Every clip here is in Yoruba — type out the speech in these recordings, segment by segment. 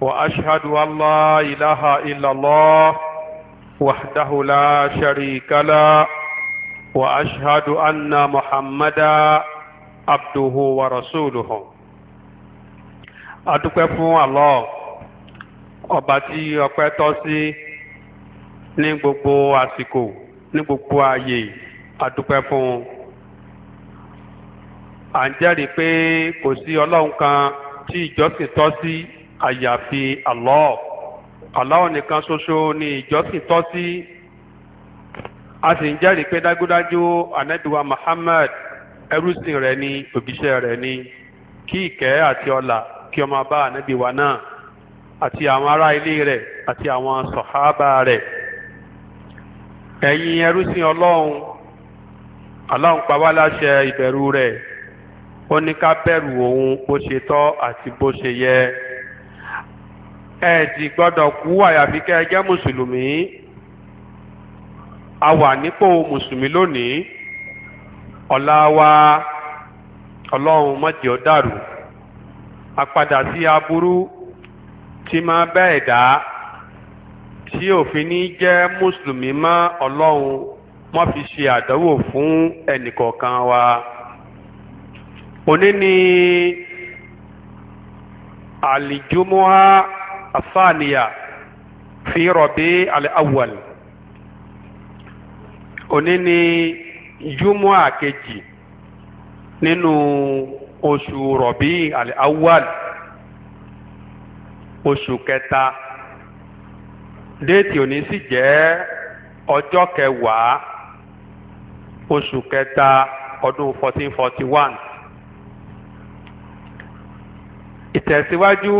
واشهد ان لا اله الا الله وحده لا شريك له واشهد ان محمدا عبده ورسوله adúpẹ́ fún Allah ọba tí ọpẹ́ ní gbogbo àsìkò ní gbogbo ààyè adúpẹ́ fún un à ń pé kò sí kan tí ìjọsìn àyàfi Allah Allah nìkan ṣoṣo ni ìjọsìn tọ́ sí a sì ń jẹ́rìí pé dájúdájú anabiwa Muhammad ẹrúsìn rẹ̀ ni òbíṣẹ́ rẹ̀ ni kí ìkẹ́ àti ọlà kí ó máa bá anabiwa náà àti àwọn ará ilé rẹ̀ àti àwọn sọ̀hábà rẹ̀ ẹ̀yin ẹrúsìn ọlọ́run Allah ń pa wá láṣẹ ìbẹ̀rù rẹ̀ ó ní ká bẹ̀rù òun bó ṣe tọ́ àti bó ṣe yẹ ẹ ti gbọ́dọ̀ kú àyàfi kẹ́ ẹ jẹ́ mùsùlùmí a wà nípò mùsùlùmí lónìí ọ̀la wa ọlọ́run má jẹ́ ó dàrú àpadà sí aburú tí máa bẹ́ẹ̀ dá tí òfin ní jẹ́ mùsùlùmí mọ́ ọlọ́run má fi ṣe àdánwò fún ẹnìkọ̀ọ̀kan wa òní ni alijumuha. الثانية في ربيع الأول òní ni júmọ́à kejì nínú oṣù robi al awal, oṣù kẹta déètì òní sì jẹ́ ọjọ́ kẹwàá oṣù kẹta ọdún fourteen forty one ìtẹ̀síwájú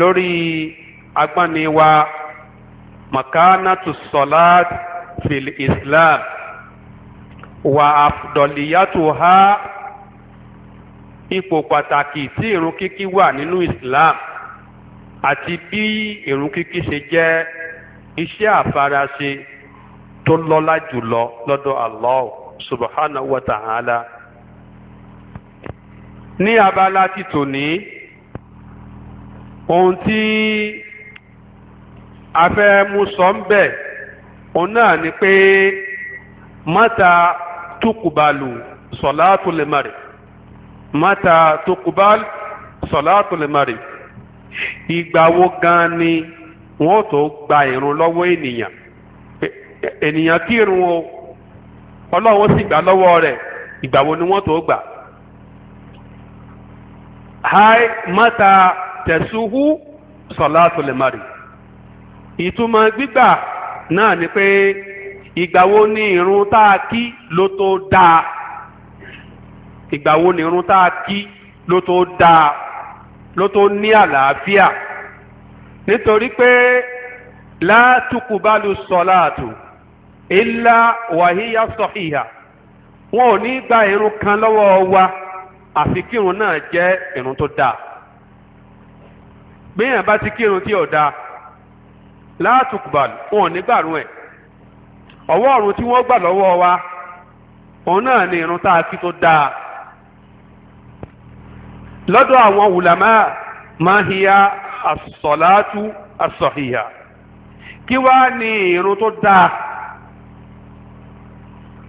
lórí agbani wa makanatu salat fil islam wa afdoliyatu ha ipò pàtàkì tí ìrun kíkí wà nínú islam àti bí ìrun kíkí ṣe jẹ́ iṣẹ́ àfaraṣe tó lọ́lá jùlọ lọ́dọ̀ Allah subhanahu wa ta'ala ní abala ti tòní ohun tí a fẹ́ mú sọ ń bẹ̀ òun náà ni pé mata tukubalu sọláàtú lè mari mata tukubalu sọláàtú lè mari ìgbà wo gan ni wọ́n tó gba ìrun lọ́wọ́ ènìyàn ènìyàn kírun o ọlọ́run sì gbà lọ́wọ́ rẹ̀ ìgbà wo ni wọ́n tó gbà. hai mata tẹ̀sùhù sọ̀láàtò lè má rí. ìtumọ̀ gbígbà náà ni pé ìgbà wo ni irun tá a kí ló tó dáa ìgbà ni irun tá a kí ló tó dáa ló tó ní àlàáfíà nítorí pé látùkùbálù sọ̀láàtù ilá wàhíyá sọ̀híhà wọn ò ní gba irun kan lọ́wọ́ wa àfi kírun náà jẹ́ irun tó dáa gbẹ̀yìn bá ti kírun tí ọ̀dà látùkùbàl wọn ò ní gbàrún ẹ̀ ọwọ́ ọ̀run tí wọ́n gbà lọ́wọ́ wa òun náà ni irun tá a kí tó dáa lọ́dọ̀ àwọn wùlámà máa hiya àsọ̀látú àsọ̀hìyà kí wá ní irun tó dáa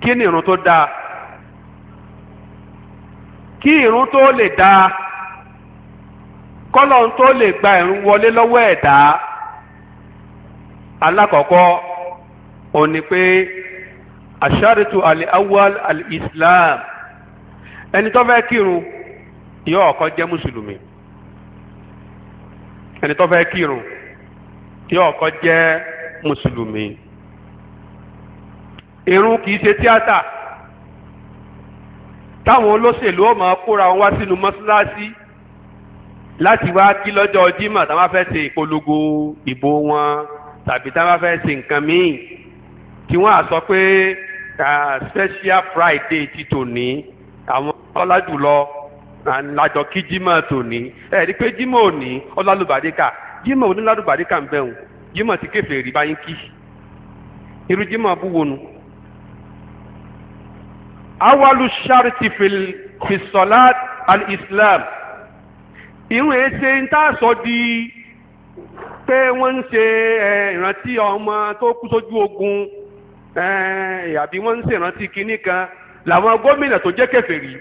kí ni irun tó dáa kí irun tó lè dáa. kọ́lọ́n tó lè gba ẹ̀rún wọlé lọ́wọ́ ẹ̀dá alákọ̀ọ́kọ́ ó pé aṣáàrètò awal islam ẹni tó fẹ́ kírun yóò kọ́ jẹ́ mùsùlùmí ẹni tó fẹ́ kírun yóò jẹ́ mùsùlùmí irun kìí ṣe tíátà táwọn olóṣèlú láti wá kí lọ́jọ́ Jímọ̀ tá a bá fẹ́ ṣe ìpolongo ìbò wọn tàbí tá a bá fẹ́ ṣe nǹkan míì tí wọ́n á sọ pé special Friday ti tòní àwọn ọlá jùlọ àjọ kí Jímọ̀ tòní ẹ̀ rí pé Jímọ̀ òní ọlálùbàdíkà Jímọ̀ onílálùbàdíkà ń bẹ̀rù Jímọ̀ ti kéfèé rí báyìí kí irú Jímọ̀ bú wọnú. awalu sharti fi sọlá al-Islam irun èsè ń tá a sọ di pé wọ́n ń ṣe ìrántí ọmọ tó kú sójú ogun àbí wọ́n ń ṣe ìrántí kinní kan làwọn gómìnà tó jẹ́ kèfèrí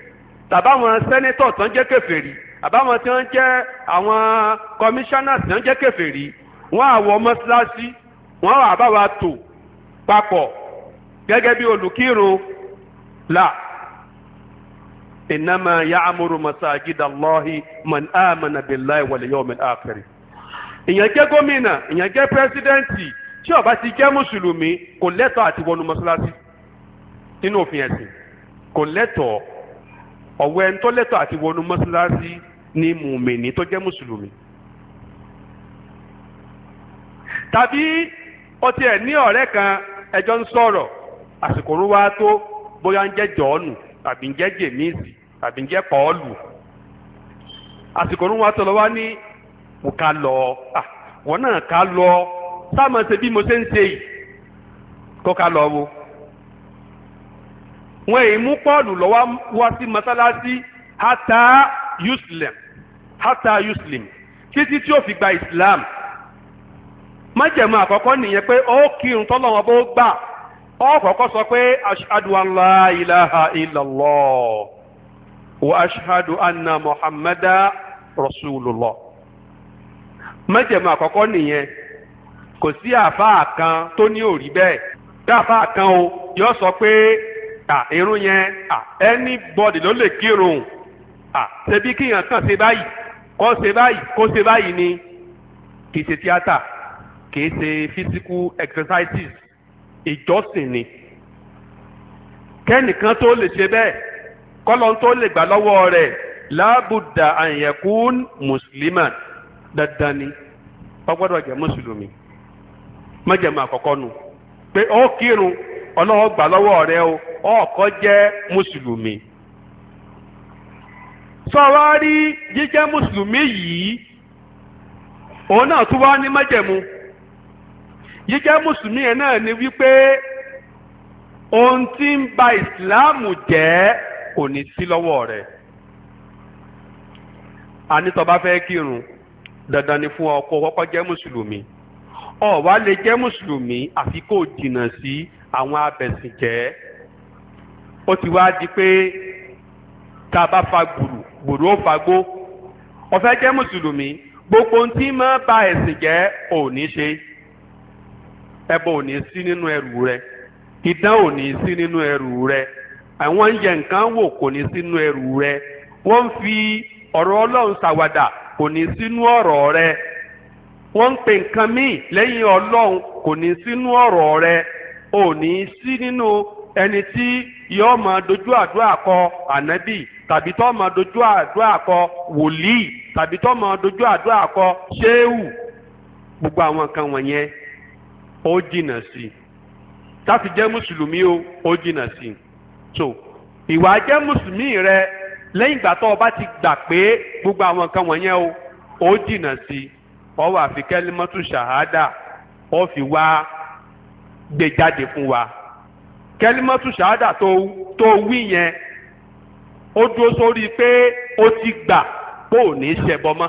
tàbáwọn sẹ́nẹ́tọ̀ tó ń jẹ́ kèfèrí àbáwọn tí wọ́n jẹ́ àwọn kọmíṣánná tí wọ́n jẹ́ kèfèrí wọ́n àwọ̀ mọ́ṣáláṣí wọ́n àbáwá tò papọ̀ gẹ́gẹ́ bí olùkírun là. إنما يعمر مساجد الله من آمن بالله واليوم الآخر ìyẹn jẹ́ gómìnà ìyẹn jẹ́ pẹ́sidẹ́ǹtì tí ó ti jẹ́ mùsùlùmí kò lẹ́tọ̀ọ́ àti wọnú mọ́ṣáláṣí nínú òfin ẹ̀sìn kò lẹ́tọ̀ọ́ ọ̀wọ́ ẹni tó lẹ́tọ̀ọ́ àti wọnú mọ́ṣáláṣí ni mùmìnì tó jẹ́ mùsùlùmí. tàbí ó tiẹ̀ ní ọ̀rẹ́ kan ẹjọ́ ń sọ̀rọ̀ àsìkò ń wá tó bóyá ń jẹ́ àbí ń jẹ́ jèmíìsì àbí ń àsìkò wa tọ̀lọ̀ ní mo lọ wọn náà lọ ṣe bí mo ṣe ń ṣe yìí kó ká lọ wo wọn hata yuslim hata yuslim títí tí fi gba islam májẹ̀mú àkọ́kọ́ nìyẹn pé ó kírun tọ́lọ́wọ́n bó gbà ọ kọ́kọ́ sọ pé ashadu an la ilaha illallah wa ashadu anna muhammada rasulullah májẹ̀mú àkọ́kọ́ nìyẹn kò sí àfáà kan tó ní òrí bẹ́ẹ̀ tí àfáà kan o yọ sọ pé à irun yẹn à anybody ló lè kírun à ṣebí kíyàn kàn ṣe báyìí kó ṣe báyìí kó ṣe báyìí ni kì í ṣe tíátà kì í ṣe physical exercises ìjọsìn ni kẹ́nìkan tó lè ṣe bẹ́ẹ̀ kọ́lọ́n tó lè gbà lọ́wọ́ rẹ̀ láàbùdà àyẹ̀kún mùsùlùmán dandan ni ọgbọ́dọ̀ jẹ́ mùsùlùmí májẹ̀mú àkọ́kọ́ nu pé ó kírun ọlọ́wọ́ gbà lọ́wọ́ rẹ o ọ̀ọ́kọ́ jẹ́ mùsùlùmí. jíjẹ́ mùsùlùmí yìí òun náà tún wá ní jíjẹ́ mùsùlùmí yẹn náà ni wípé ohun tí ń ba ìsìláàmù jẹ́ kò ní sí lọ́wọ́ rẹ̀ àní tó bá fẹ́ kírun dandan ni fún ọkọ kọ́kọ́ jẹ́ mùsùlùmí ó wá lè jẹ́ mùsùlùmí àfi kó jìnnà sí àwọn abẹ̀sìnjẹ́ ó ti wá di pé tá a bá fa gbùrù gbùrù ó fagbó ó fẹ́ jẹ́ mùsùlùmí gbogbo ohun máa ba ẹ̀sìn jẹ́ ò ní ṣe. ẹbọ ò ní sí nínú ẹrù rẹ idán ò ní sí nínú ẹrù rẹ àwọn yẹ nǹkan fi ọ̀rọ̀ Ọlọ́run ṣàwàdà kò ní sínú ọ̀rọ̀ rẹ wọ́n ń pè nǹkan míì lẹ́yìn Ọlọ́run kò ní sínú ọ̀rọ̀ rẹ ò ní sí nínú ẹni tí yóò máa dojú àdúrà kọ ànábì tàbí tó máa dojú àdúrà kọ wòlíì tàbí tó máa dojú gbogbo àwọn nǹkan wọ̀nyẹn ó jìnà sí i táfi jẹ́ mùsùlùmí o ó jìnà sí i so ìwà jẹ́ mùsùlùmí rẹ lẹ́yìn ìgbà tó o bá ti gbà pé gbogbo àwọn nǹkan wọ̀nyẹn o ó jìnà sí i ọ wà fi kẹ́límọ́tù ṣàhádà ó fi wá gbé jáde fún wa kẹ́límọ́tù ṣàhádà tó tó wí yẹn ó dúró sórí pé ó ti gbà bó o ní í ṣẹbọ mọ́.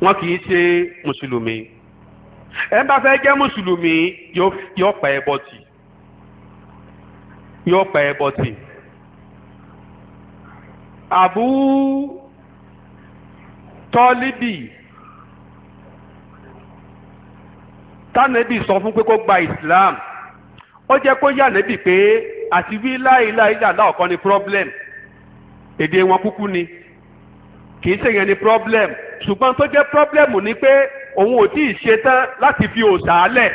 wọn kì í ṣe mùsùlùmí ẹ bá fẹ́ jẹ́ mùsùlùmí yóò pa ẹbọ tì yóò pa ẹbọ tì àbú tọ́líbì tánẹ́bì sọ fún pé kó gba Islam ó jẹ́ kó yà nẹ́bì pé àti wí láìláìláìlá ọ̀kan ni problem èdè wọn kúkú ni kì í ṣèyẹn ni problem ṣùgbọ́n tó jẹ́ pọ́blẹ́mù ni pé òun ò tí ì ṣe tán láti fi òòṣà lẹ̀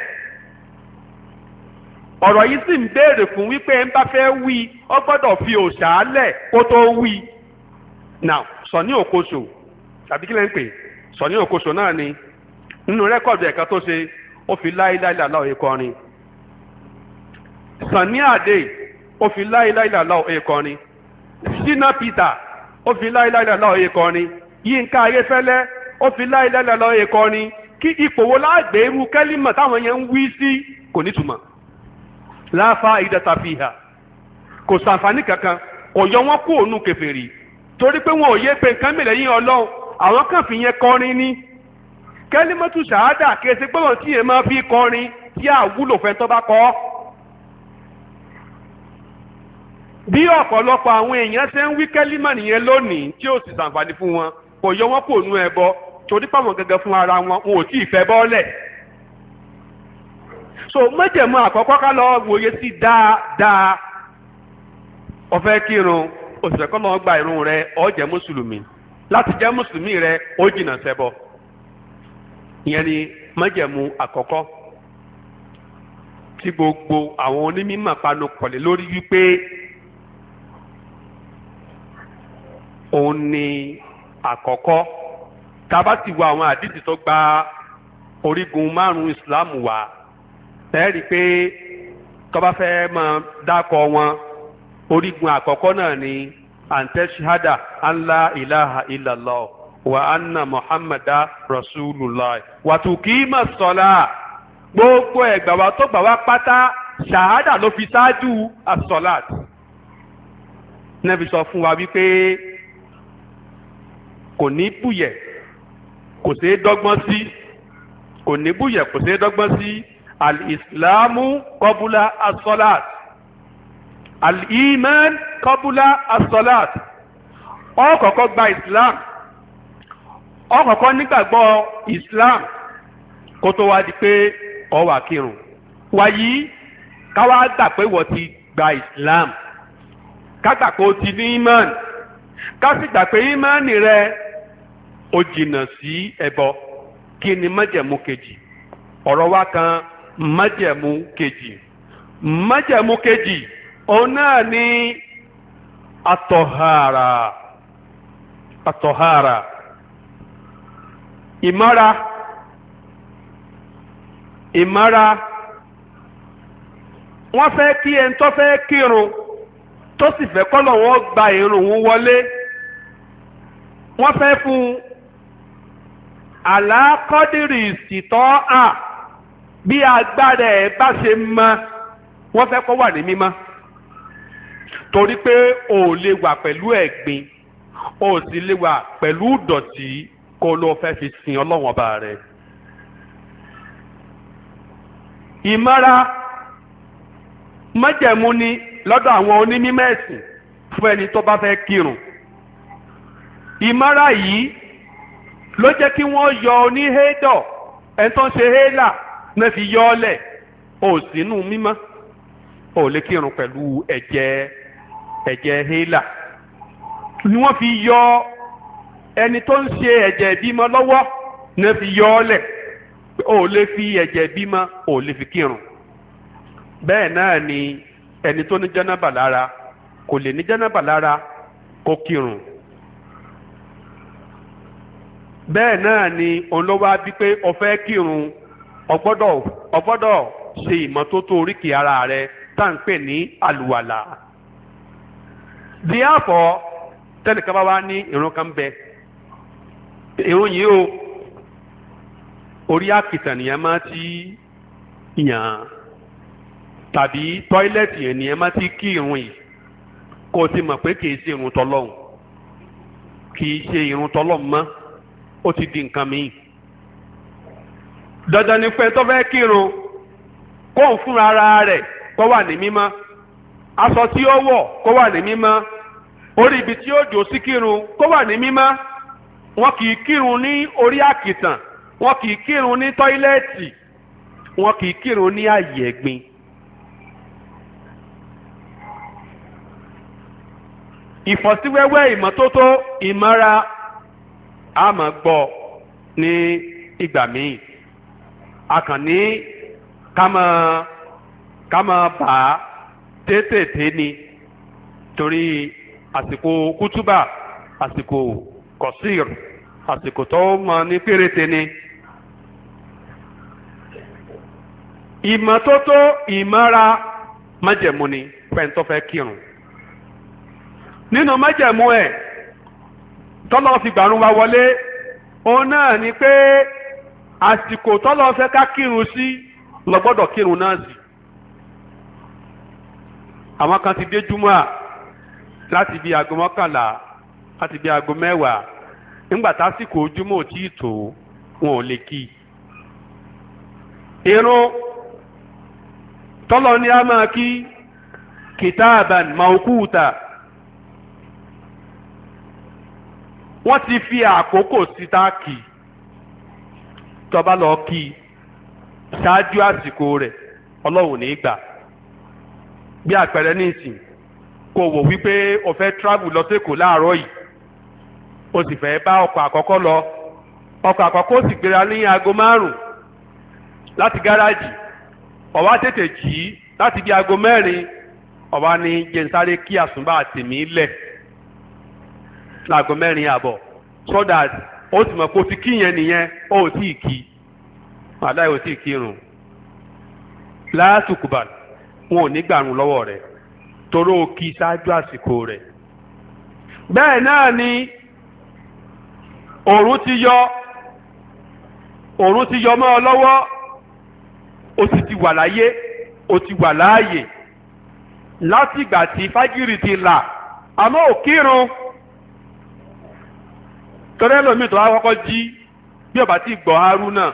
ọ̀rọ̀ yìí sì ń béèrè fún wípé ń bá fẹ́ wí ọ gbọ́dọ̀ fi òòṣà lẹ̀ kó tó wí now Sunny Okoso tàbí kí lẹ́ ń pè Sunny Okoso náà ni nínú rẹ́kọ̀dù ẹ̀ka tó ṣe ó fi láíláílà láò èkọrin Sunny Adé ó fi láíláílà láò èkọrin Shina Peter ó fi láíláílà láò èkọrin yínká ayéfẹ́lẹ́ ó fi láìlẹ́lẹ́ lọ èkó ni kí ipò wo láàgbé irú kẹ́límà táwọn yẹn ń wí sí kò nítumọ̀ láfa ìdẹ́tàfihà kò sàǹfààní kankan kò yọ wọn kú òun kèfèrí torí pé wọn ò yé pé nǹkan mìíràn yín ọlọ́run àwọn kan fi yẹn kọrin ní kẹ́límọ́tù ṣàádà kése pé wọn tí yẹn máa fi kọrin tí àwúlò fẹ́ tó bá kọ́. bí ọ̀pọ̀lọpọ̀ àwọn èèyàn ṣe ń wí kẹ́límà nìyẹn lónìí tí ó sì sàǹfààní fún wọn kò yọ wọn kò nu ẹbọ torí pàwọn gẹgẹ fún ara wọn wọn ò tí ì fẹ́ bọ́ọ̀lẹ̀ so mẹjẹmú àkọ́kọ́ ká lọ wòye sí dáadáa ó fẹ́ kírun ó sì fẹ́ kọ́ lọ gba irun rẹ̀ ó mùsùlùmí láti jẹ́ mùsùlùmí rẹ̀ ó jìnnà ṣẹbọ ìyẹn ni mẹjẹmú àkọ́kọ́ tí gbogbo àwọn onímọ̀ panu kọ̀lẹ̀ lórí wípé òun ni. àkọ́kọ́ tába ti wo àwọn àdìsí tó gba orígun márùn-ún ìsìláàmù wa tẹ́rì pé tọ́ba fẹ́ máa dákọ̀ wọn orígun àkọ́kọ́ náà ni àǹtẹ̀ṣíhádà Allah ilaha illallah wa anna muhammada rasulullah wàtúkìmà sọlá gbogbo ẹgbà wa tó gbà wá pátá ṣàhádà ló fi ṣáájú àsọlá nàbì sọ fún wa wípé kò ní bùyẹ̀ kò ṣeé dọ́gbọ́n sí kò ní bùyẹ̀ kò ṣeé dọ́gbọ́n sí alìsílámù kọ́búlá asọ́láàt alìmán kọ́búlá asọ́láàt ó kọ́kọ́ gba islam ó kọ́kọ́ islam kó tó wá di pé ó wá kírun wàyí káwá gbà pé wọ́n ti gba islam ká gbà pé ó ti ní imán. ká sì gbà ìmánì rẹ ò jìnnà sí ẹbọ kí ni májẹ̀mú kejì ọ̀rọ̀ wa kan májẹ̀mú kejì májẹ̀mú kejì òun náà ni atọhara atọhara ìmọ́ra ìmọ́ra wọ́n fẹ́ kí ẹni tó fẹ́ kírun. tó sì fẹ́ kọ́lọ̀ wọn gba irun òun wọlé wọ́n fẹ́ fún un àlákọ́dìrì ìsìtọ́ à bí agbára ẹ̀ bá ṣe mọ wọ́n fẹ́ kó wà ní mímọ́ torí pé ò lè wà pẹ̀lú ẹ̀gbin ò sì lè wà pẹ̀lú dọ̀tí kó ló fẹ́ fi sin ọlọ́wọ́n ọba rẹ̀ ìmọ̀ra májẹ̀mú ni lọ́dọ̀ àwọn onímọ̀ ẹ̀sìn fún ẹni tó bá fẹ́ kírun. ìmọ̀ra yìí ló jẹ́ kí wọ́n yọ oníhédọ̀ ẹni tó ń ṣe hélà náà fi yọ ọ́ lẹ̀ ò sínú mímọ́ ò lè kírun pẹ̀lú ẹ̀jẹ̀ ẹ̀jẹ̀ hélà ni wọ́n fi yọ ẹni tó ń ṣe ẹ̀jẹ̀ ìbímọ lọ́wọ́ náà fi yọ ọ́ lẹ̀ ò lè fi ẹ̀jẹ̀ ìbímọ ò lè fi kírun bẹ́ẹ̀ náà ni. ẹni tó ní jánábà lára kò lè ní lára kó kírun bẹ́ẹ̀ náà ni olówó abí pé ó fẹ́ kírun ó gbọ́dọ̀ ṣe oríkì ara rẹ tá n pè ní àlùwàlà díàfọ tẹnìkan bá wá ní bẹ yìí o orí àkìtàn nìyẹn máa ti tàbí tọ́ílẹ̀tì yẹn ni ẹ má ti kí irun yìí kó o ti mọ̀ pé kì í ṣe irun tọlọ́hún kì í ṣe irun tọlọ́hún mọ́ ó ti di nǹkan míì dandan ni pé tó fẹ́ kírun kó ń fúnra ara rẹ̀ kó wà ní mímọ́ aṣọ tí ó wọ̀ kó wà ní mímọ́ orí ibi tí ó jò sí kírun kó wà ní mímọ́ wọn kì í kírun ní orí àkìtàn wọn kì í kírun ní tọ́ílẹ̀tì wọn kì í kírun ní àyè ẹ̀gbin ìfọ́síwẹ́wẹ́ ìmọ́tótó ìmọ́ra a máa gbọ́ ní ìgbà míì a kàn ní ká máa ká tètè ni torí àsìkò kútúbà àsìkò kọ̀sír àsìkò tó máa ní péréte ni. ìmọ́tótó ìmọ́ra májẹ̀mú ni kírun. nínú májẹ̀mú ẹ̀ tọ́lọ́ fi gbàrún wa wọlé òun náà ni pé àsìkò tọ́lọ́ fẹ́ ká kírun sí lọ́gbọ́dọ̀ kírun náà sí. àwọn kan ti dé júmọ́ láti bíi aago mọ́kànlá láti bíi aago mẹ́wàá nígbà tásìkò ojúmọ́ ò wọ́n ti fi àkókò síta kì tọ́ba lọ kí ṣáájú àsìkò rẹ̀ ọlọ́run ní gbà bí àpẹẹrẹ ní kò wò wípé o fẹ́ travel lọ sẹ́kọ̀ọ́ láàárọ̀ yìí o sì fẹ́ bá ọkọ̀ àkọ́kọ́ lọ ọkọ̀ àkọ́kọ́ ó sì gbéra ní aago márùn-ún láti gáràjì ó wá tètè jí láti bí aago mẹ́rin ó wá ní jẹ́nsáré kí àsùnbà tèmí lẹ̀ láago mẹ́rin àbọ̀ so that ó ti mọ̀ pé o ti kí yẹn nìyẹn ó ò tí ì kí àdáyé ò tí ì kírun láàtùkùbà wọn ò ní gbàrún lọ́wọ́ rẹ̀ toró o kí ṣáájú àsìkò rẹ̀ bẹ́ẹ̀ náà ni òòrùn ti yọ òòrùn ti yọ mọ́ ọ lọ́wọ́ o sì ti wà láyé o ti wà láàyè látìgbà tí fájìrì ti là àmọ́ ò kírun torí ẹlòmíì tó wá kọ́kọ́ jí bí ọba tí gbọ́ haruna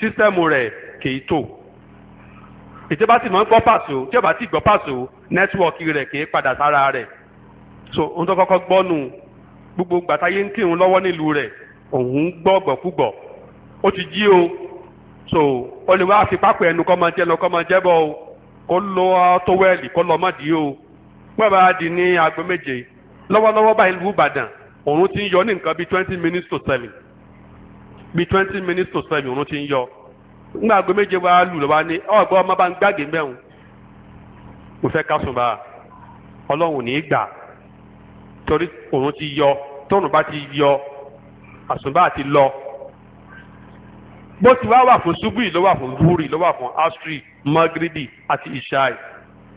sísẹ́mù rẹ̀ kìí tò ètò bá sì mọ̀ ń gbọ́ pàṣọ tí ọba tí gbọ́ pàṣọ nẹ́tíwọ̀kì rẹ̀ kìí padà sára rẹ̀ so ohun tó kọ́kọ́ gbọ́ nù gbogbo gbàtáyé ń kírun lọ́wọ́ nílùú rẹ̀ òun ń gbọ́ gbọ̀kúgbọ̀ ó ti jí o so ó lè wá fi pápẹ́ ẹnu kọ́ máa jẹ́ lọ kọ́ máa jẹ́ bọ́ o kó lọ tówẹ́ẹ̀lì kó lọ mọ́dìí o pẹ́ẹ́ bá di ní aago òun ti ń yọ ní nǹkan bíi twenty minutes to seven bíi twenty minutes to seven òun ti ń yọ nígbà àgbo méje wa lù lọ́wọ́ ní ọ̀gbọ́n ọmọ bá ń gbàgé mẹ́rùn mo fẹ́ ká sùn bá ọlọ́run ní í gbà torí òun ti yọ tóun bá ti yọ àsùnbà ti lọ bó ti wá wà fún ṣubúì ló fún búrì ló fún astri magribi àti ishai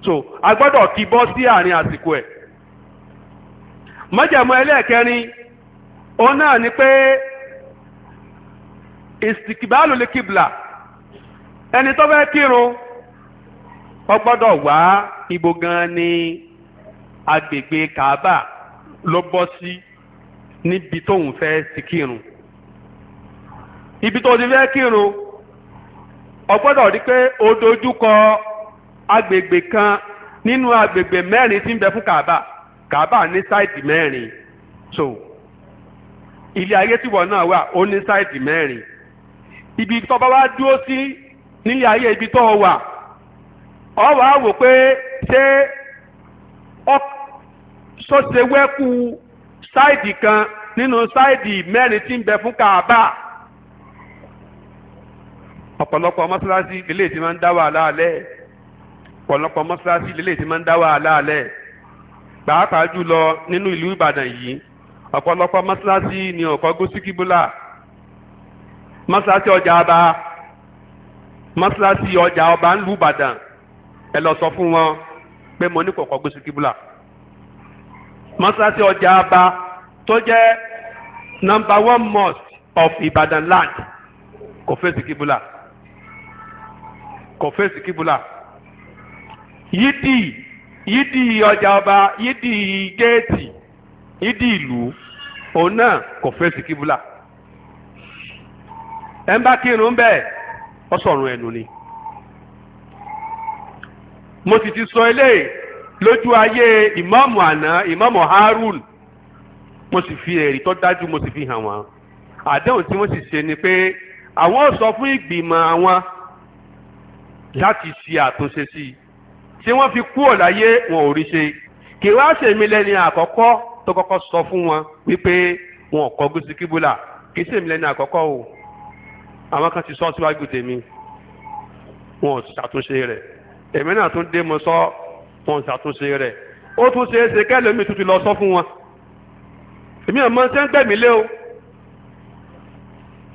so a gbọ́dọ̀ kí bọ́ sí àárín àsìkò ẹ̀ májẹ̀mú ẹlẹ́ẹ̀kẹrin òun náà ni pé ìsìkìbálò lè kìbìlà ẹni tó fẹ́ kírun ó gbọ́dọ̀ wá ibo gan ni agbègbè Kaaba ló bọ́ sí níbi tóun fẹ́ ti kírun ibi tó ti fẹ́ kírun ó gbọ́dọ̀ rí pé ó dojúkọ agbègbè kan nínú agbègbè mẹ́rin tí ń bẹ fún Kaaba kàbá ní sáìtì mẹ́rin so ilé ayé tí wọ́n náà wà ó ní sáìtì mẹ́rin ibi tó bá wá dúró sí nílé ayé ibi tó wà ọ wàá wò pé ṣé ọ sọ̀ṣẹ̀ wẹ́kú sáìdì kan nínú sáìdì mẹ́rin tí ń bẹ fún kàbá ọ̀pọ̀lọpọ̀ mọ́ṣáláṣí lélẹ́yìí máa ń dá wàhálà alẹ́ ọ̀pọ̀lọpọ̀ mọ́ṣáláṣí lélẹ́yìí máa ń dá wàhálà alẹ́ pàápàá jùlọ nínú ìlú ìbàdàn yìí ọ̀pọ̀lọpọ̀ mọ́ṣáláṣí ni ọ̀kọ́ gúúsù kíbúlà mọ́ṣáláṣí ọjà ọba mọ́ṣáláṣí ọjà ọba ń lu ìbàdàn ẹ lọ sọ fún wọn pé mo ní kọ̀ọ̀kọ́ gúúsù kíbúlà mọ́ṣáláṣí ọjà ọba tó jẹ́ number one mosque of ìbàdàn land kò fèsì kíbúlà kò fèsì kíbúlà yídì yídì ọjà ọba yídì géètì yídì ìlú òun náà kò fèsì kíbúlà ẹ ń bá kírun bẹ́ẹ̀ ọ sọ̀rùn ẹnu ni mo sì ti sọ eléyìí lójú ayé ìmáàmù àná ìmáàmù Harun mo sì fi ẹ̀rí tó dájú mo sì fi hàn wọ́n àdéhùn tí wọ́n sì ṣe ni pé àwọn ò sọ fún ìgbìmọ̀ àwọn láti ṣe àtúnṣe sí i tí wọ́n fi kú ọ̀láyé wọn ò rí ṣe kì wá ṣèmi lẹ́ni àkọ́kọ́ tó kọ́kọ́ sọ fún wọn wípé wọn ò kọjú sí kíbúlà kì í ṣèmi lẹ́ni àkọ́kọ́ o àwọn kan ti sọ síwájú tèmi wọn ò ṣàtúnṣe rẹ̀ èmi náà tún dé mo sọ wọn ò ṣàtúnṣe rẹ̀ ó tún ṣe é ṣe kẹ́lẹ́mi tuntun lọ sọ fún wọn èmi ò mọ sẹ́ńtẹ̀mí lé o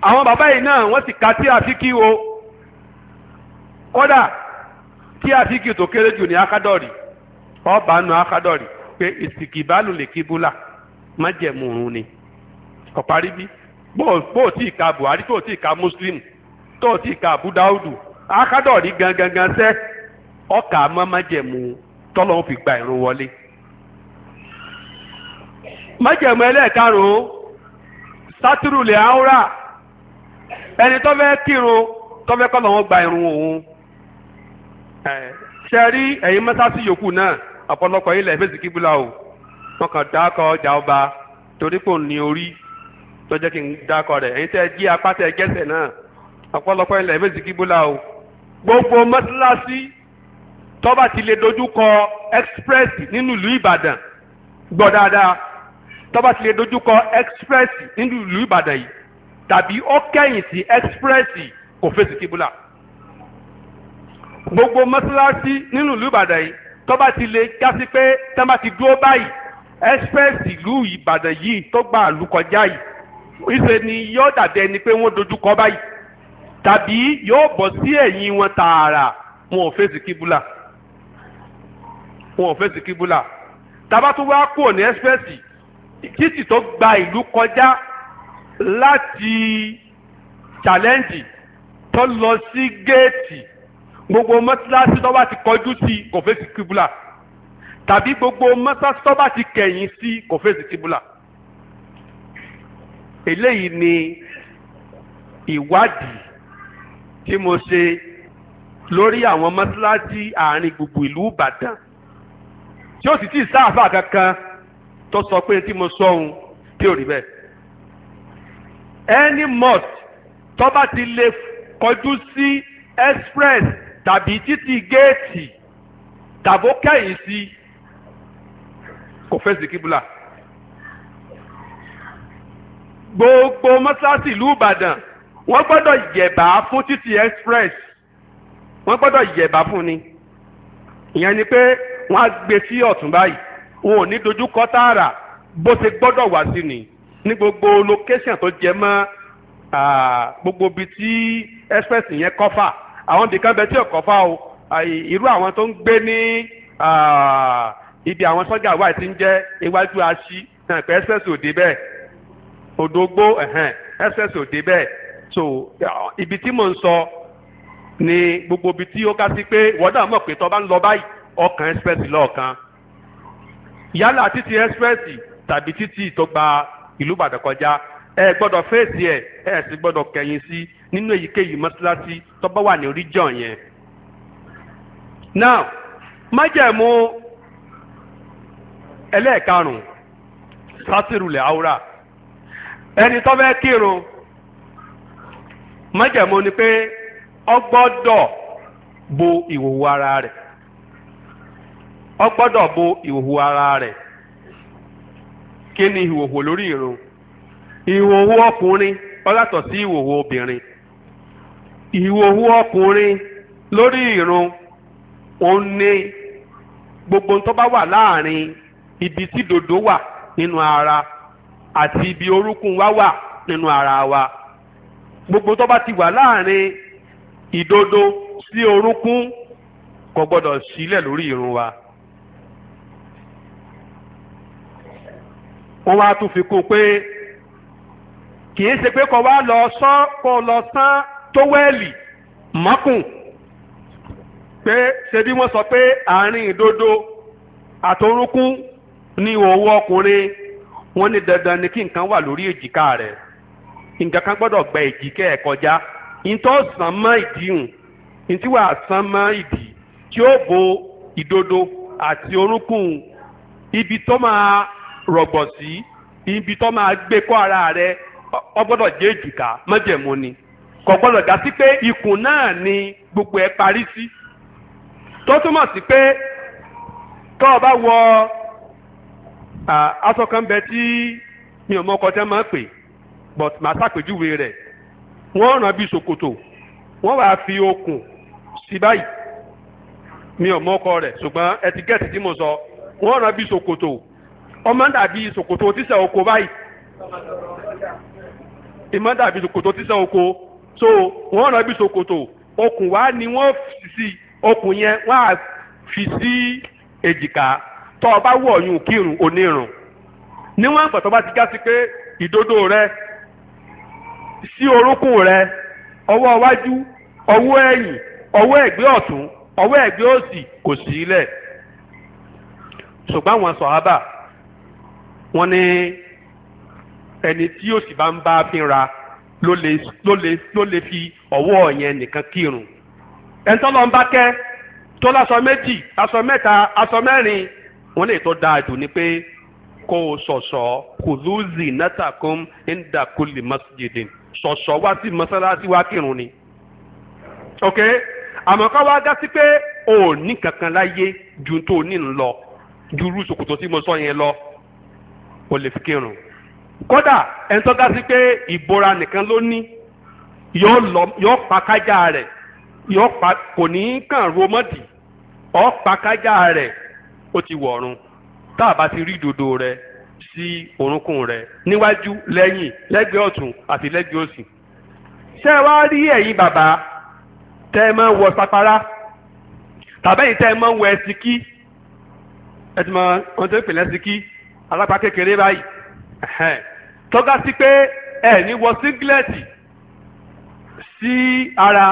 àwọn bàbá yìí náà wọ́n ti kà sí àfikí o kódà tí àfikì tó kéré jù ní ọ ọba nù akadọ́rì pé ìsìkìbálù lè ni ọ̀parí bí bó tí Buhari tó tí ì Muslim tó tí ì ka Abu Daudu gangan sẹ́ ọkà mọ́ májẹ̀mú tọ́lọ́hún fi gba wọlé ẹlẹ́ẹ̀karùn-ún sátúrù lè áwúrà ẹni tó gba òun ṣe rí ẹ̀yin mẹ́sàsì yòókù náà ọ̀pọ̀lọpọ̀ ilẹ̀ fèsì kíbúlà o wọn kàn dákọ̀ ọjà ọba torí pò ní orí tó jẹ́ kí n dákọ̀ rẹ̀ ẹ̀yin tẹ́ jí apá tẹ́ gẹ́sẹ̀ náà ọ̀pọ̀lọpọ̀ ilẹ̀ fèsì kíbúlà o gbogbo mọ́sálásí tọ́ba ti lè dojú kọ express nínú ìlú Ìbàdàn gbọ́ dáadáa tọ́ba ti lè dojú kọ express nínú ìlú Ìbàdàn yìí tàbí ó kẹ́yìn sí express kò fèsì kíbúlà gbogbo mọ́ṣáláṣí nínú ìlú ìbàdàn yìí tó bá ti lè jásí pé tó ti dúró báyìí express ìlú ìbàdàn yìí tó gba ìlú kọjá yìí ìṣe ni yóò dàbí ẹni pé wọ́n dojú kọ báyìí tàbí yóò bọ̀ sí ẹ̀yìn wọn tààrà wọn ò fèsì kíbúlà wọn ò fèsì kíbúlà tàbá tún wá kúrò ní express títì tó gba ìlú kọjá láti challenge tó lọ sí géètì gbogbo mọ́sálásí tó bá ti kọjú sí kò fèsì kíbùlà tàbí gbogbo mọ́sálásí tó bá ti kẹ̀yìn sí kò fèsì kíbùlà. eléyìí ni ìwádìí tí mo ṣe lórí àwọn mọ́sálásí àárín gbogbo ìlú Ìbàdàn tí ó sì tí ì sáàfà kankan tó sọ pé tí mo sọ ohun tí ò rí bẹ́ẹ̀. any mosque tó bá ti lè kọjú sí express tàbí títì géètì tàbó kẹ́yìn sí kò fẹ́ sí kíbùlà gbogbo mọ́sáàsì ìlú Ìbàdàn wọ́n gbọ́dọ̀ yẹ̀bá fún títì express wọ́n gbọ́dọ̀ yẹ̀bá fún ni ìyẹn ni pé wọ́n á gbé sí ọ̀tún báyìí wọn ò ní dojúkọ tààrà bó ṣe gbọ́dọ̀ wá sí ni ní gbogbo location tó jẹ mọ́ gbogbo ibi tí express yẹn kọ́fà àwọn nìkan bẹ tí ò kọfà o irú àwọn tó ń gbé ní ibi àwọn sọ́jà wà tí ń jẹ́ iwájú aṣí náà pé ss òde bẹ́ẹ̀ òdògbó ss òde bẹ́ẹ̀ so ibi tí mò ń sọ ni gbogbo ibi tí ó ká sí pé wọ́dà mọ̀ pé tó bá ń lọ báyìí ọkàn express lọ́ọ̀kan yálà títí express tàbí títí tó gba ìlú Ìbàdàn kọjá ẹ gbọ́dọ̀ fèsì ẹ ẹ sì gbọ́dọ̀ kẹ̀yìn sí i nínú èyíkéyìí mọ́ṣáláṣí tó bá wà ní region yẹn. now májẹ̀mú ẹlẹ́ẹ̀karùn-ún sátìrùlẹ̀ àwúrà ẹni tó fẹ́ kírun májẹ̀mú ni pé ó bo ìhòòhò ara rẹ̀ ó bo ìhòòhò ara rẹ̀ kí ni lórí ìhòòhò ọkùnrin lórí ìrun òun ni gbogbo tó bá wà láàrin ibi tí dòdò wà nínú ara àti ibi orúkún wa wà nínú ara wa gbogbo tó bá ti wà láàrin ìdodo sí orúkún kò gbọdọ̀ sílẹ̀ lórí ìrun wa. wọ́n wá tún fi kún pé kì í ṣe pé kò wá lọ sọ́ kò lọ sán tówẹ́ẹ̀lì mọ́kùn pé ṣe bí wọ́n sọ pé àárín ìdodo àtorúnkún ní òwò ọkùnrin wọ́n ní dandan ni kí nǹkan wà lórí èjìká rẹ̀ nǹkan kan gbọ́dọ̀ gba èjìká ẹ̀ kọjá ìtọ́ sàn mọ́ ìdíhùn ìtiwà sàn mọ́ ìdí tí ó bo ìdodo àti orúnkún ibi tó máa rọ̀gbọ̀ sí ibi tó máa gbé kọ́ ara rẹ̀ ó gbọ́dọ̀ jẹ́ èjìká májẹ̀mú ni. kò gbọ́dọ̀ já sí pé ikùn náà ni gbogbo ẹ̀ parí sí tó túmọ̀ sí pé tó o bá wọ aṣọ kan bẹ tí mi ò mọ ọkọ tẹ́ máa pè but màá ṣàpèjúwe rẹ̀ wọ́n ràn bí ṣòkòtò wọ́n wàá fi okùn sí báyìí mi ò mọ ọkọ rẹ̀ ṣùgbọ́n ẹtíkẹ́ẹ̀tì tí mo sọ wọ́n ràn bí ṣòkòtò ọmọ dàbí ṣòkòtò tíṣà oko báyìí ìmọ̀ dàbí ṣòkòtò tíṣà oko so wọ́n rán bí ṣòkòtò okùn wá ni wọ́n fi sí okùn yẹn wọ́n á fi sí èjìká tó o bá wọ̀ ọ̀yùn kírun onírun níwọ̀n àgbà tó bá ti já sí pé ìdodo rẹ sí orúnkún rẹ ọwọ́ iwájú ọwọ́ ẹ̀yìn ọwọ́ ẹ̀gbẹ́ ọ̀tún ọwọ́ ẹ̀gbẹ́ òsì kò sí ilẹ̀ ṣùgbọ́n àwọn sọ̀hábà wọ́n ní ẹni tí òsì bá ń bá fínra ló lè ló lè ló lè fi ọwọ́ yẹn nìkan kírun ẹ̀ńtọ́lọ́ ń bá kẹ́ tó láṣọ méjì aṣọ mẹ́ta aṣọ mẹ́rin wọ́n lè tó dáa jù ni pé kó o ṣọ̀ṣọ́ kùdúùzì nátàkùn ndàkùlì masjidin ṣọ̀ṣọ́ wá sí mọ́sálásí wá kírun ni. ok àmọ́ ká wá dá sí pé o ò ní kankan láyé ju tó o ní ń lọ ju irú ṣòkòtò tí mo sọ yẹn lọ o lè fi kírun kódà ẹni tó ga sí pé ìbora nìkan ló ní yóò lọ yóò pa kájà rẹ̀ yóò pa kò ní kàn ro mọ́dì ọ́ pa kájà rẹ̀ ó ti wọ̀ọ̀run tá a bá ti rí ìdodo rẹ̀ sí orúnkún rẹ̀ níwájú lẹ́yìn lẹ́gbẹ̀ẹ́ ọ̀tún àti lẹ́gbẹ̀ẹ́ òsì. ṣé ẹ wá rí ẹ̀yin bàbá tẹ́ ẹ máa ń wọ sapara tàbẹ́yìn tẹ́ ẹ máa ń wọ ẹsikí ẹ ti mọ ohun tó ń pè lẹ́sikí alápá kékeré báyìí tọ́ka sí pé ẹ ní wọ síngílẹ̀tì sí ara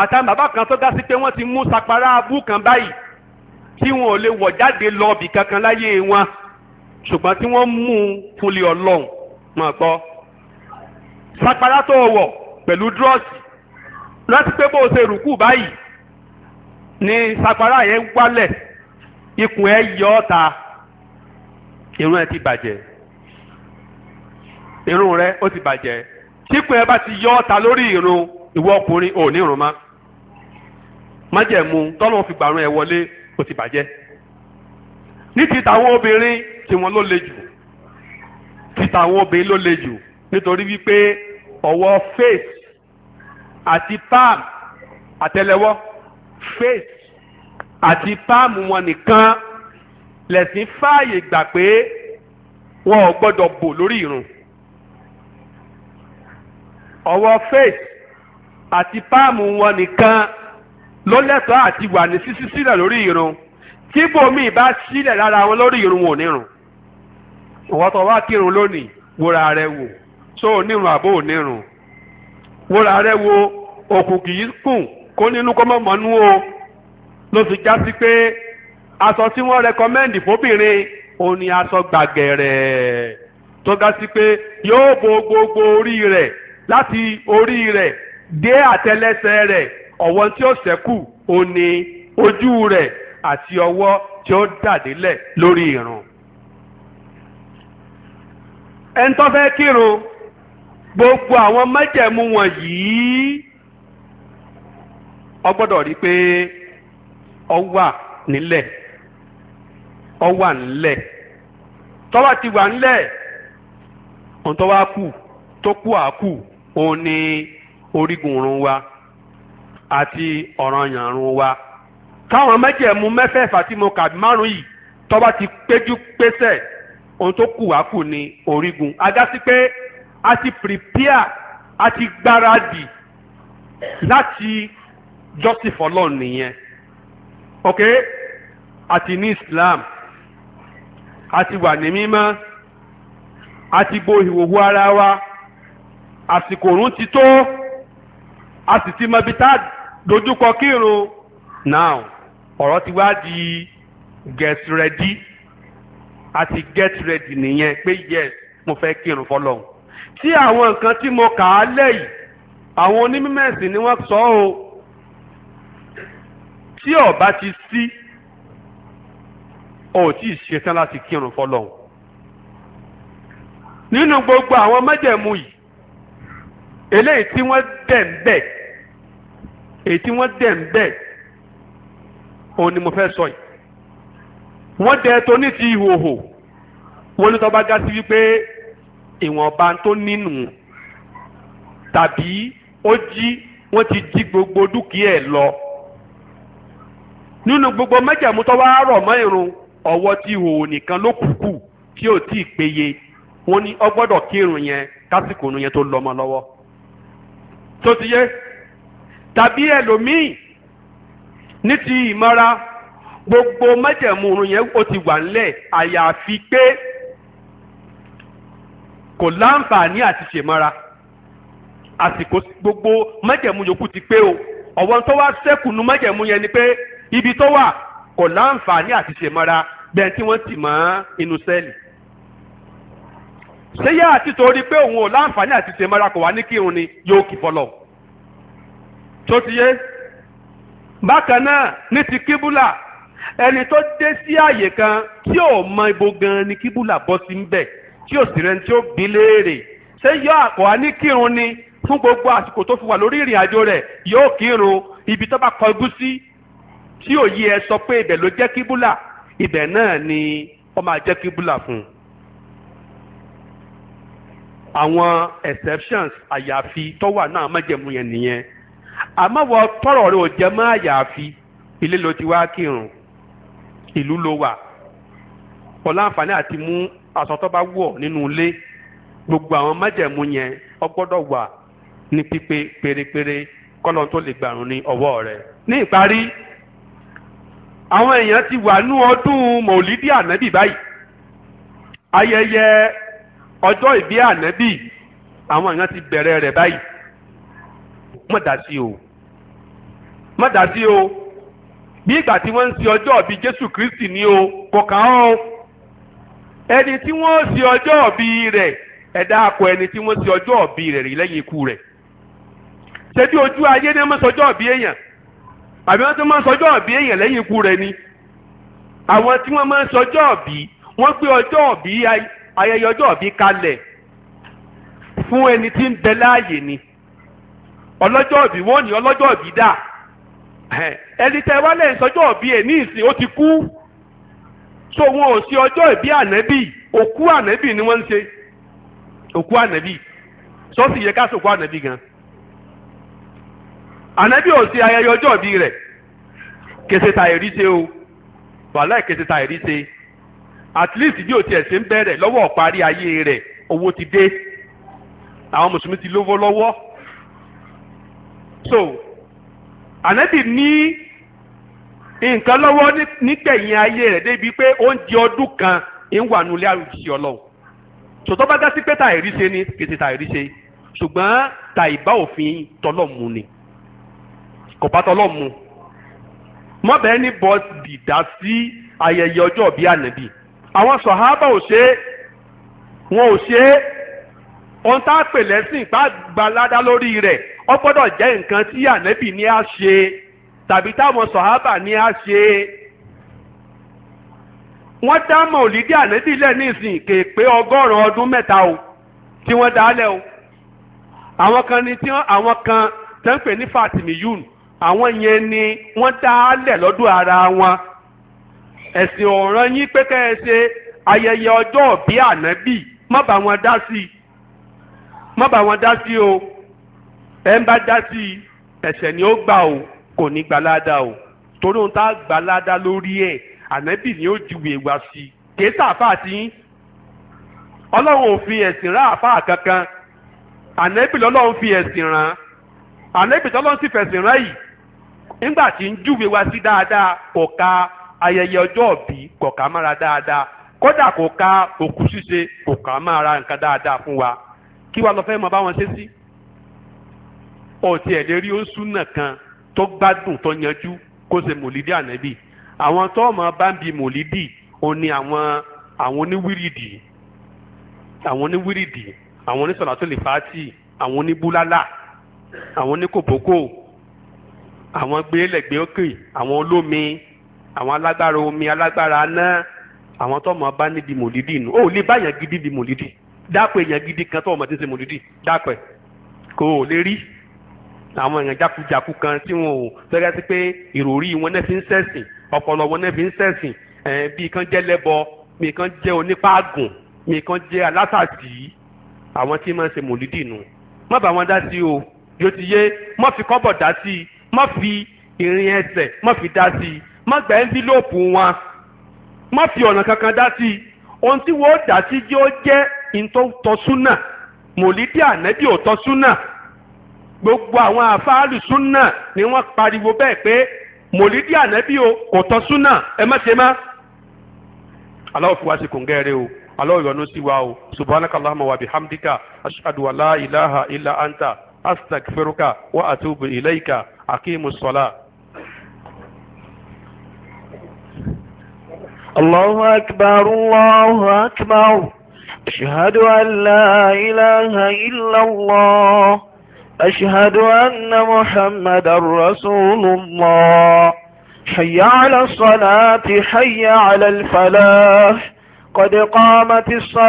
àtàwọn bàbá kan tọ́ka sí pé wọ́n ti mú sapara abú kan báyìí tí wọn ò lè wọ̀ jáde lọ bì kankan láyé wọn ṣùgbọ́n tí wọ́n mú un fúnlẹ̀ ọlọ́run mọ̀ gbọ́ sapara tó wọ̀ pẹ̀lú dúrọ́ọ̀sì rántí pé bó o ṣe rùkú báyìí ni sapara yẹn wálẹ̀ ikùn ẹ yọ ọ́ ta irun ẹ ti bàjẹ́ irun rẹ ó ti bàjẹ́ kíkùn ẹ bá ti yọ ọ̀ta lórí irun ìwọ ọkùnrin ò ní irun má májẹ̀mú tọ́lọ́ fi gbàrún ẹ wọlé ó ti bàjẹ́ ní ti tàwọn obìnrin tí wọ́n ló le jù ti tàwọn obìnrin ló le jù nítorí wípé ọwọ́ face àti palm àtẹ́lẹwọ́ face àti palm wọn nìkan lẹ̀sìn fààyè gbà pé wọn ò gbọ́dọ̀ bò lórí irun ọwọ́ faith àti páàmù wọn nìkan ló lẹ́tọ̀ọ́ àti wà ní sísí sílẹ̀ lórí irun tí bòmíì bá sílẹ̀ lára wọn lórí irun wọn ò ní rùn ìwọ́n tó wá kírun lónìí wòrà rẹ wò so onírun àbó onírun wòrà rẹ wo òkú kì í kùn kó nínú kó mọ̀ mọ́nú o ló fi já sí pé aṣọ tí wọ́n rẹkọmẹ́ǹdì fóbìnrin òun ni aṣọ gbàgẹ̀rẹ̀ tó ga sí pé yóò bo gbogbo orí rẹ̀ láti orí rẹ̀ dé àtẹlẹsẹ̀ rẹ̀ ọ̀wọ́ tí ó ṣẹ́kù ó ní ojú rẹ̀ àti ọwọ́ tí ó dàdélẹ̀ lórí irun. ẹni tó fẹ́ kírun gbogbo àwọn májẹ̀mú wọ̀nyí ó gbọ́dọ̀ rí i pé ó wà nílẹ̀ ó wà nílẹ̀ tó ti wà nílẹ̀ ohun tó wá kù tó kù àkù òun ni orígun irun wa àti ọ̀ranyàn irun wa káwọn mẹ́jẹ̀mú mẹ́fẹ̀ẹ̀fà tí mo kà márùn yìí tó bá ti péjú pésẹ̀ ohun tó kù wá kù ni orígun agásí pé a ti prepare a ti gbáradì láti jọ́sìn fọlọ́ọ̀ nìyẹn ok àti ní Islam àti wà ní mímọ́ àti bo ìhòòhò ara wa àsìkò òrùn ti tó a sì ti mọ ibi tá a dojúkọ kírun now ọ̀rọ̀ ti wá di get ready àti get ready nìyẹn pé yes mo fẹ́ kírun fọlọ́hún tí àwọn nǹkan tí mo kà á lẹ́yìn àwọn onímọ̀ẹ̀sìn ni wọ́n sọ ọ́ tí ọba ti sí ò tí ì ṣetán láti kírun fọlọ́hún nínú gbogbo àwọn májẹ̀mú yìí eléyìí tí wọ́n dẹ̀ ń bẹ̀ èyí tí wọ́n dẹ̀ ń bẹ̀ òun ni mo fẹ́ sọ yìí wọ́n dẹ̀ tó ní ti ìhòòhò wọ́n ní tó bá ga sí wípé ìwọ̀nba tó nínú tàbí ó jí wọ́n ti jí gbogbo dúkìá ẹ̀ lọ nínú gbogbo májẹ̀mú tó rọ̀ mọ́ irun ọwọ́ tí ìhòòhò nìkan ló kù kù tí ò tí ì péye wọ́n ní ó gbọ́dọ̀ kírun yẹn kásìkò irun yẹn tó lọ́mọ lọ́wọ́ tó ti yé tàbí ẹlòmíì ní ti ìmọ̀ra gbogbo májẹ̀mú yẹn ó ti wà ńlẹ̀ àyàfi pé kò láǹfààní àti ṣèmọ́ra àsìkò gbogbo májẹ̀mú yòókù ti pé o ọ̀wọ́n tó wá sẹ́kù nu yẹn ni pé ibi tó wà kò láǹfààní àti ṣèmọ́ra bẹ́ẹ̀ tí wọ́n ti mọ́ inú sẹ́ẹ̀lì ṣéyà àti torí pé òun ò láǹfààní àti tèmọ́ra kò wá ní kírun ni yóò kì fọlọ́ tó ti yé bákan náà ní ti kíbúlà ẹni tó dé sí àyè kan tí ò mọ ibo gan ni kíbúlà bọ́ sí ń bẹ̀ tí ò sì rẹni tí ó bí léèrè ṣé yọ àkọ́wá ní kírun ni fún gbogbo àsìkò tó fi wà lórí ìrìn àjò rẹ̀ yóò kírun ibi tó bá kọjú sí tí òye ẹ sọ pé ibẹ̀ ló jẹ́ kíbúlà ibẹ̀ náà ni ó máa jẹ́ kíbúlà fún un àwọn exceptions àyàfi tó wà náà májẹ̀mú yẹn nìyẹn àmọ́ wọ tọrọ rẹ ò jẹ mọ́ àyàfi ilé ló ti wá kírun ìlú ló wà ọ̀la àǹfààní àti mú aṣọ tó bá wọ̀ nínú ilé gbogbo àwọn májẹ̀mú yẹn ó gbọ́dọ̀ wà ní pípé pérépéré kọ́lọ́n tó lè gbàrún ní ọwọ́ rẹ̀. ní ìparí àwọn èèyàn ti wà ní ọdún mọ̀lídìí ànábì báyìí ayẹyẹ ọjọ́ ìbí ànábì àwọn èèyàn ti bẹ̀rẹ̀ rẹ̀ báyìí má o má o bí ìgbà tí wọ́n ń ṣe ọjọ́ ọ̀bí Jésù Kristi ni o kò o ẹni tí wọ́n ṣe ọjọ́ rẹ̀ ẹ̀dá akọ ẹni tí wọ́n ọjọ́ ọ̀bí rẹ̀ rí lẹ́yìn ikú rẹ̀ ojú ayé ni wọ́n èèyàn àbí wọ́n máa èèyàn lẹ́yìn ikú rẹ̀ ni àwọn tí wọ́n máa wọ́n gbé ọjọ́ ayẹyẹ ọjọ́ ìbí kalẹ̀ fún ẹni tí ń bẹ láàyè ni ọlọ́jọ́ ìbí wọ́n ní ọlọ́jọ́ ìbí dà ẹni tẹ wálé ìsọjọ́ ìbí ẹ̀ ní ìsìn ó ti kú so wọn ò sí ọjọ́ ìbí ànẹ́bì òkú ànẹ́bì ni wọ́n ń ṣe òkú ànẹ́bì sọ́ọ̀sì yẹ ká sọ̀kú ànẹ́bì gan ànẹ́bì ò sí ayẹyẹ ọjọ́ ìbí rẹ̀ kèsè tà o wàhálà kèsè tà èrí ṣe at least bí o tiẹ̀ ṣe ń bẹ̀rẹ̀ lọ́wọ́ parí ayé rẹ̀ owó ti dé àwọn mùsùlùmí ti lówó lọ́wọ́ so ànábì ní nǹkan lọ́wọ́ nígbẹ̀yìn ayé rẹ̀ débi pé oúnjẹ ọdún kan ń wà nulẹ̀ àrùjíṣẹ́ ọlọ́run sọtọ́ bá dá sí pé ta ìríṣe ni kìí ṣe ta ìríṣe ṣùgbọ́n ta ìbá òfin tọlọ́mù ni kò bá tọlọ́mù mọ́bẹ̀ẹ́ ní bọ́ọ̀dì dá sí ayẹyẹ ọjọ́ bíi ànábì àwọn sọ̀hábà ò ṣe é wọn ò ṣe é ohun tá a pè lẹ́sìn gbàgbàládá lórí rẹ̀ ó gbọ́dọ̀ jẹ́ nǹkan tí ànẹ́bì ní á ṣe tàbí táwọn sọ̀hábà ní á ṣe wọ́n dá mọ̀lídé ànẹ́bì lẹ̀ nísìn kè pé ọgọ́rùn-ún ọdún mẹ́ta o tí wọ́n dá lẹ̀ o àwọn kan ni tí àwọn kan tẹ́ ń pè ní Fatimiyun àwọn yẹn ni wọ́n dá lọ́dún ara wọn ẹ̀sìn ọ̀ràn yín pé kẹ́ ẹ ṣe ayẹyẹ ọjọ́ bí ànábì má bá wọn dá sí i má bá wọn dá sí o ẹ ń bá dá sí i ẹ̀ṣẹ̀ ni ó gbà o kò ní gbà ládàá o torí ohun tá a gbà ládàá lórí ẹ̀ ànábì ni ó júwe wá sí i kìí sàáfà tí ọlọ́run ò fi ẹ̀sìn rán àáfà kankan ànábì lọ́lọ́run fi ẹ̀sìn rán ànábì tọ́lọ́run sì fẹ̀sìn rán yìí nígbà tí ń júwe wá sí dáadáa kò ka ayẹyẹ ọjọ́ òbí kò kà mára dáadáa kódà kò ka òkú ṣíṣe kò kà mára nǹkan dáadáa fún wa kí wàá lọ fẹ́ mọ báwọn ṣe sí. ọ̀tí ẹ̀ lè rí oṣù náà kan tó gbádùn tó yanjú kó ṣe mòlídìí ànábì àwọn tó ọmọ bá ń bi mòlídìí ó ní àwọn àwọn oníwírìdì àwọn oníwírìdì àwọn onísọ̀làtò àwọn oníbúlálà àwọn oníkòbókò àwọn gbélẹ̀gbẹ́ àwọn alágbára omi alágbára aná àwọn tó mọ bá níbi mòlídì inú ó lè bá yàn gidi di mòlídì dápò èèyàn gidi kan tó mọ ti ń ṣe mòlídì dápò ẹ kò lè rí àwọn èèyàn jákujàku kan tí wọn ò fẹ́rẹ́ sí pé ìròrí wọn náà fi ń ṣẹ̀sìn ọpọlọ wọn náà fi ń ṣẹ̀sìn bí kan jẹ́ lẹ́bọ mi kan jẹ́ onípaagùn mi kan jẹ́ alásàtì àwọn tí máa ń mòlídì inú má bá wọn dá sí o yóò ti yé má fi kọ́bọ̀ dá sí má fi ìrìn ẹsẹ̀ má fi dá sí má gba ẹ́ńfílọ́pù wọn má fi ọ̀nà kankan dá sí i ohun tí wọ́n dá sí jẹ́ ó jẹ́ ìtọ́súnà mòlídìí ànẹ́bí ò tọ́súnà gbogbo àwọn àfáàlù súnà ni wọ́n pariwo bẹ́ẹ̀ pé mòlídìí ànẹ́bí ò kò tọ́súnà ẹ má ṣe má. aláwọ̀ fi wá sí kòǹgẹ́rẹ́ o aláwọ̀ yọ́nú sí wa o subhanakallahumma wa bihamdika ashhadu an la ilaha illa anta astaghfiruka wa atubu ilayka aqimus salat. الله أكبر الله أكبر أشهد أن لا إله إلا الله أشهد أن محمد رسول الله حي على الصلاة حي على الفلاح قد قامت الصلاة